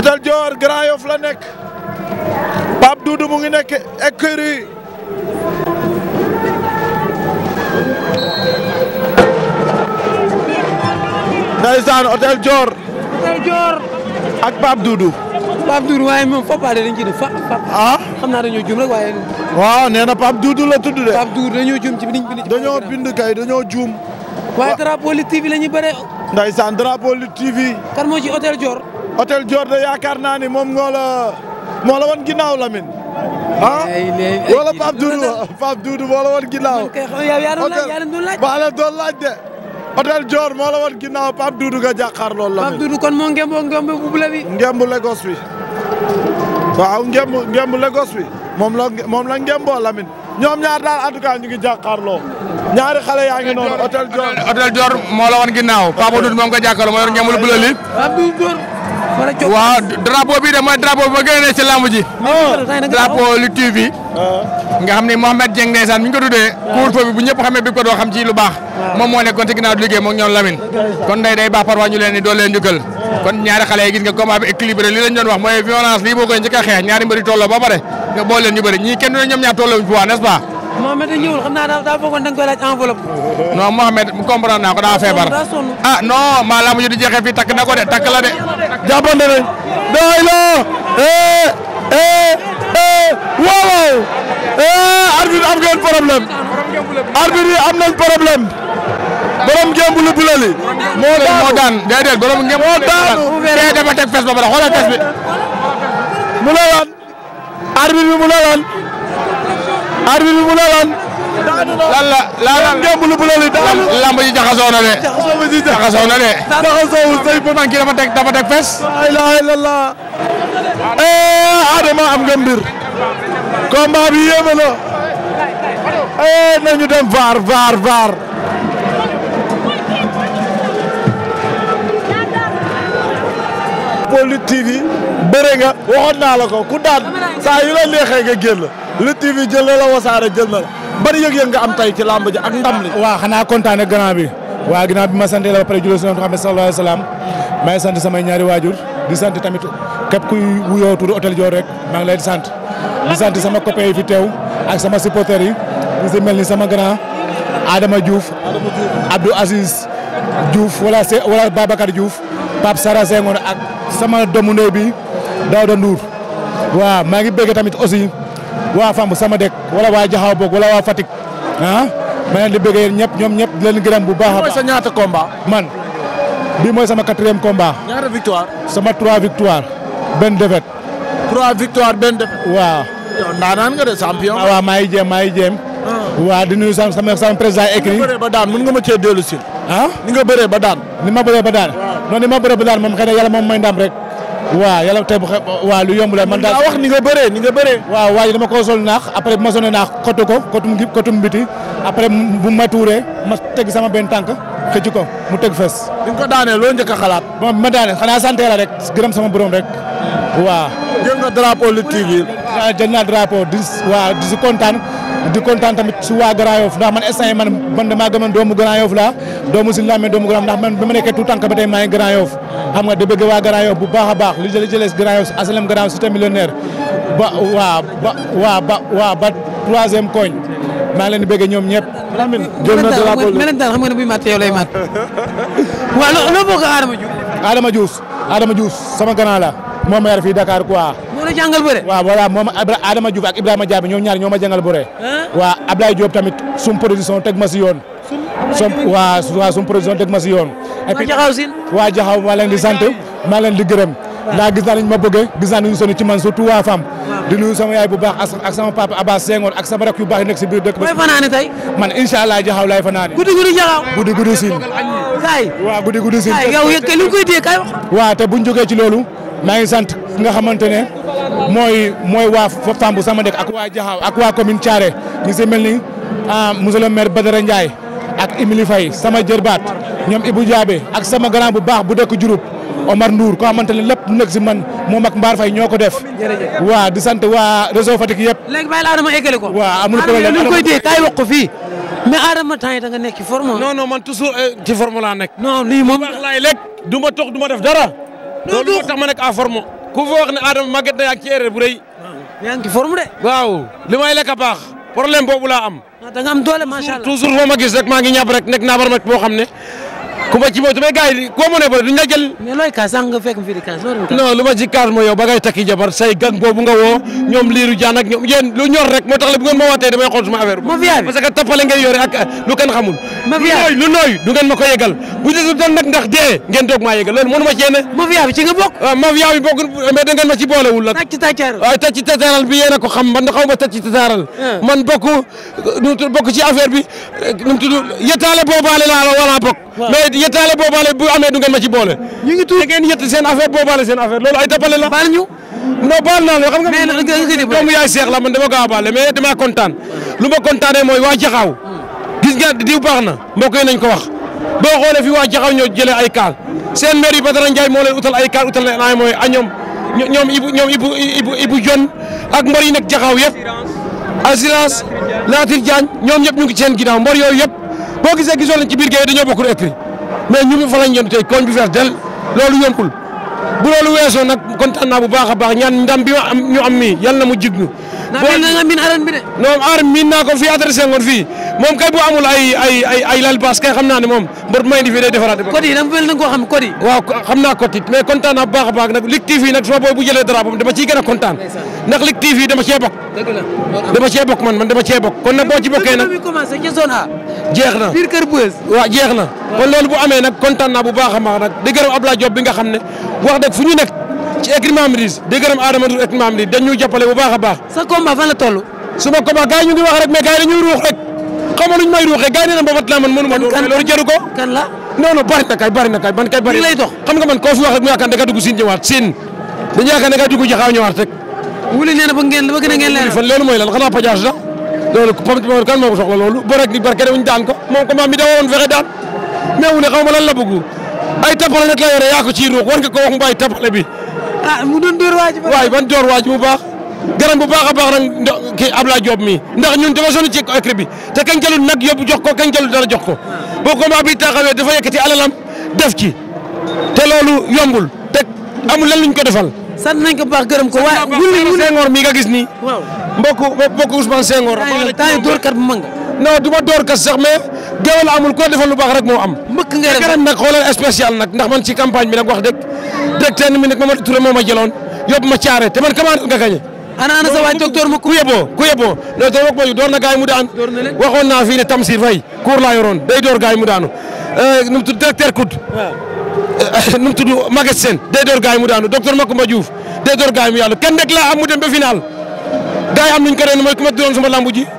Hôtel Dior Grand Yoff la nekk Pape Doudou mu ngi nekk écurie ndeysaan Hôtel joor Hôtel Dior ak Pape Doudou Pape Doudou waaye moom Fapal dañ ci def fa ah xam naa dañoo juum rek waaye waaw nee na Pape Doudou la tudd de Pape Doudou juum ci bi niñ bind dañoo kay dañoo juum waaye drapeau Lutte TV la ñuy bëre ndeysaan drapeau Lutte TV kan moo ci Hôtel Dior hôtel Dior de yaakaar naa ni moom moo la moo la wan ginnaaw Lamine. ah wala Pape Doudou Pape Doudou moo la wan ginnaaw. hôtel doon laaj de. hôtel Dior moo la wan ginnaaw Pape Doudou nga jàkkaarloo Lamine. Pape Doudou kon moo ngemb ngemb bu bleu bi. ngemb Lagos bi waaw ngemb ngemb Lagos bi moom la moom la ngemboo Lamine ñoom ñaar daal en tout cas ñu ngi jàkkaarloo. ñaari xale yaa ngi noonu hôtel Dior. hôtel Dior moo la wan ginnaaw Pape Doudou moom nga jàkkaarloo moo yor ngemb lu bleu li. Pape Doudou waaw drapeau bi de mooy drapeau bi ma gën a ne ci lamb ji. drapeau lu TV. Ah. nga xam ne Mouhamed Dieng ndeysaan mi ñu ko tuddee. waaw ah. couvre bu ñëpp xamee bi ko doo xam ci lu baax. Ah. moom moo nekkoon ci ginnaaw di liggéey moom ñoom Lamine. kon ndey day baax parfois ñu leen ni doo kon ñaari xale yi gis nga combat bi équilibré li lañ doon wax mooy violence lii boo koy njëkk a xeex ñaari mbëri tolloo ba pare nga boole leen ñu kenn du ñoom ñaar tolloo bu baax n'est-ce Mohamed ñëwul xam naa daal daa bëggoon da nga koy laaj enveloppe. non Mohamed comprendre naa ko daa feebar. ah non maa laa mujj di jeexee fii takk na ko de takk la de. jàppante ne. doy la. waaw waaw. arbitre am ngeen problème. arbitre yi am nañ problème. borom ngeen bulu bulali. moo daan moo daan déedéet borom ngeen. moo daanu tey dafa teg fes ba pare xoolal fes bi. mu ne lan. arbitre bi mu ne lan. arbitre bi bu la lan. lan lan la ngeen bulu bulu li daanu. lamb ji jaxasoo say bu manqué dafa teg dafa teg la ilaha illallah. Eh, Adama am nga mbir. combat bi yéeme la. Eh, nañu dem vaar vaar vaar. Lutte TV bëre nga waxoon naa la ko ku daan saa yu la neexee nga génn. Lutte TV jël na la wasaare jël na bari yëg-yëg nga am tay ci lamb ji ak am li. waaw xanaa kontaane ak grand bi waaw ginnaaw bi ma sant la ba pare jullit si nga xam ne sallallahu salaam maa ngi sant sama ñaari waajur di sant tamit képp kuy wuyoo tudd hôtel Dior rek maa ngi lay di sant di sant sama copain yi fi teew ak sama supporters si mel ni sama grand Adama Diouf Abdou Aziz Diouf wala se wala Babacar Diouf Pape Sara Senghor ak sama doomu ndey bi Daouda Ndour waaw maa ngi bëgg tamit aussi. waa Famb sama dëkk wala waa Jaxaaw boog wala waa Fatick ah ma leen di bëggee yéen ñëpp ñoom ñëpp di leen gërëm bu baax a sa ñaata combat. man bii mooy sama quatrième combat. ñaata victoire. sama trois victoire benn défaite. trois victoire benn défaite. waaw. de champion. maa ngi jéem maa ngi jéem. Ah. di nuyu sama président écrit. ni nga bëree ba daan ah ni nga bëree ba daan. ni ma ba daan. waaw non ba daan moom xëy na yàlla moom may ndam rek waaw yàlla tey bu xe lu yomb la man daal wax ni nga bëree ni nga bëree. waaw waaye dama ko sol naax après bu ma sonee naax kotu ko kotum mu kotum biti après bu ma tuuree ma teg sama benn tànk xëcc ko mu teg fees. ni ko daanee loo njëkk xalaat. bon ma daanee xanaa sant la rek gërëm sama borom rek. waa jël nga drapeau Lutte TV. waaw jël naa drapeau di waaw di si kontaan di kontaan tamit si waa Grand Yoff ndax man instant yii man man damaa gëmoon doomu laa doomu si laamee doomu grand ndax man bi ma nekkee tout tànk ba tey maa ngi Grand xam nga di bëgg waa Grand Yoff bu baax a baax li jële jëlees Grand Yoff asalem Grand Yoff cité ba waa ba waa ba waa ba troisième koñ maa ngi leen di ñoom ñëpp. amiin jël melen daal xam nga ne buy mat yow lay mat. waaw loo loo bokk Adama Diouf. Adama Diouf Adama Diouf sama grand la moom yar fii Dakar quoi. moo la jàngal bëre. waaw voilà moom Adama Diouf ak Ibrahima Diaby ñoom ñaar ñoo ma jàngal bëre. waa Ablaye tamit sum production teg ma si yoon. som waa waa suñu président dëgg ma si yoon. et puis waa Jaxaw maa leen di sant maa leen di gërëm. ndax gis ma bëggee gis naa nañu sonn ci man surtout waa femme di nuyu sama yaay bu baax ak sama papa Abbas Senghor ak sama rak yu baax nekk si biir dëkk ba. fanaane allah jaxaw laay fanaane guddi guddi siin kay te buñ jógee ci loolu maa sant nga xamante ne mooy mooy waa Fambu sama dëkk ak waa jaxaw ak waa commune Thiaré ñu si ni ah, monsieur le maire Badara ak Emily Faye sama jërbaat ñoom Ibou Diabé ak sama grand bu baax bu dëkk Diouroup Omar Ndour ko xamante ne lépp nag si man moom ak Mbaar Faye ñoo ko def. waa di sant waa réseau Fatick yëpp. léegi bàyyi la Adama eggale ko. amul ko fii. mais Adama da nga nekk ci forme. non non man toujours eh, ci lii moom wax laay lekk du ma toog du ma def dara. loolu moo tax ma nekk à forme. ku fa wax ne Adama màgget na ak ci erreur bu yaa ngi ci waaw li may a baax. problème boobu laa am. Ah, da nga am doole macha allah toujours foo ma gis rek maa ngi ñàpp rek nekk naa barmat boo xam ne ku ma mooy su ma gars yi koo mënee ba duñ la jël. lu ma kaas mooy yow ba ngay takki say gang boobu nga woo ñoom liiru jaan ak ñoom lu ñor rek moo tax la bu ngeen ma wootee damay xool suma affaire bi parce que tappale ngay yore lu kenn xamul lu nooy lu nooy du ngeen ma ko yegal bu dee doon nag ndax dee ngeen doog maa yegal loolu mënu ma ci yéene mafia bi ci nga ah, ngeen ma ci boolewul nag tàcc tàccaaral waaw bi yéen ko xam man ah. nu bokk ci affaire yettaale boobaale bu amee du ngeen ma ci boole. ñu ngi tuuti da seen affaire boobaale seen affaire loolu ay tapale la. baal ñu non baal naa nga. mais nag doomu yaay seex la man dama gaaw a baale mais kontaan. lu ma kontaanee mooy waa Jaxaaw. gis nga diw baax na mbokk nañ ko wax. boo xoolee fi waa Jaxaaw ñoo jëlee ay kaal seen maire yi Badara Ndiaye moo leen utal ay kaal utal leen ay mooy a ñoom ñoom Ibu ñoom Ibu Ibu Ibu Jon ak mbor yi nekk Jaxaaw yëpp assurance Latir Diagne ñoom ñëpp ñu ngi seen ginnaaw mbor yooyu yëpp boo gisee gisoo leen ci biir mais ñu fa lañ yoon tey koñ bi fees del loolu yombul bu loolu weesoo nag kontaan naa bu baax a baax ñaan ndam bi ñu am ñu am nii yàlla na mu jig boo na nga min arène bi miin naa ko fii adressé ngoon moom kay bu amul ay ay ay kay xam naa ne moom mbër may indi fii day defaraat. code yi da nga mel ne nga koo xam code yi. waaw xam naa kontaan a nag Lutte TV nag sama booy bu jëlee drapeau dama a kontaan. ndax kon nag boo ci nag A. jeex na kon loolu bu amee nag kontaan naa bu baax a baax nag di gërëm Abdoulaye Diop xam ne wax dëgg fu ñu ci écurie Mame Mamadou di gërëm Adama Ndour écurie Mame Mamadou dañ ñu jàppale bu baax a baax. sa combat fan la toll. suma combat gars yi ñu ngi wax rek mais gars yi dañuy ruux rek xaw ma lu ñu may ruuxee gars yi nee na mbapat laa man mënu ma loolu jaru ko. kan la non non bari na kay bari na kay man kay bari lay dox xam nga man koo fi wax rek mu yaakaar ne da nga dugg siin ñëwaat siin dañu yaakaar ne da nga dugg jaxaaw ñëwaat rek. wuli nee na ba ngeen ba gën a ngeen leeral fan loolu mooy lan xanaa pajaas la loolu pam kan moo ko soxla loolu bo rek ni barke wuñ daan ko moom ko maam mi da woon fexe daan mais wu ne xaw ma lan la bëgg ay tapale nag la yore yaa ko ciy ruux war nga ko wax mu bàyyi tapale bi ah mu doon dóor waaj bu baax waaye ban dóor waaj bu baax. garam bu baax a baax nag kii Ablaye Diop mi ndax ñun dafa sonn ci équipe bi te kañ jëlul nag yóbbu jox ko kañ jëlul dara jox ko. boo combat bi taxawee dafa yëkkati alalam def ci te loolu yombul te amul lan luñ ko defal. sant nañ ko baax gërëm ko waaye. wuli wuli Senghor mii nga gis nii. waaw mbokku mbokku Ousmane Senghor. maa ngi lay dóorkat bu mag non du ma door kas sax mais géwal amul ko defal lu baax rek moo am. mbëkk nga def nag xoolal spécial nag ndax man ci campagne bi nag wax dëgg directeur mi nag Mamadou Touré moo ma jëloon yóbbu ma caare te man comment nga gañe. ana ana sa waay docteur ma ku yeboo ku yeboo loolu doo ma ko door na gaay mu daan. waxoon naa fii ne Tamsir Faye kuur laa yoroon day door gaay mu daanu euh, nu mu tudd directeur Kout. Euh, nu mu tudd Maguette Sène day door gaay mu daanu docteur Macoumba Diouf day door gaay mu yàlla kenn rek laa am mu dem ba final gaay am nuñ ko ren mooy ku ma doon sama lambu ji.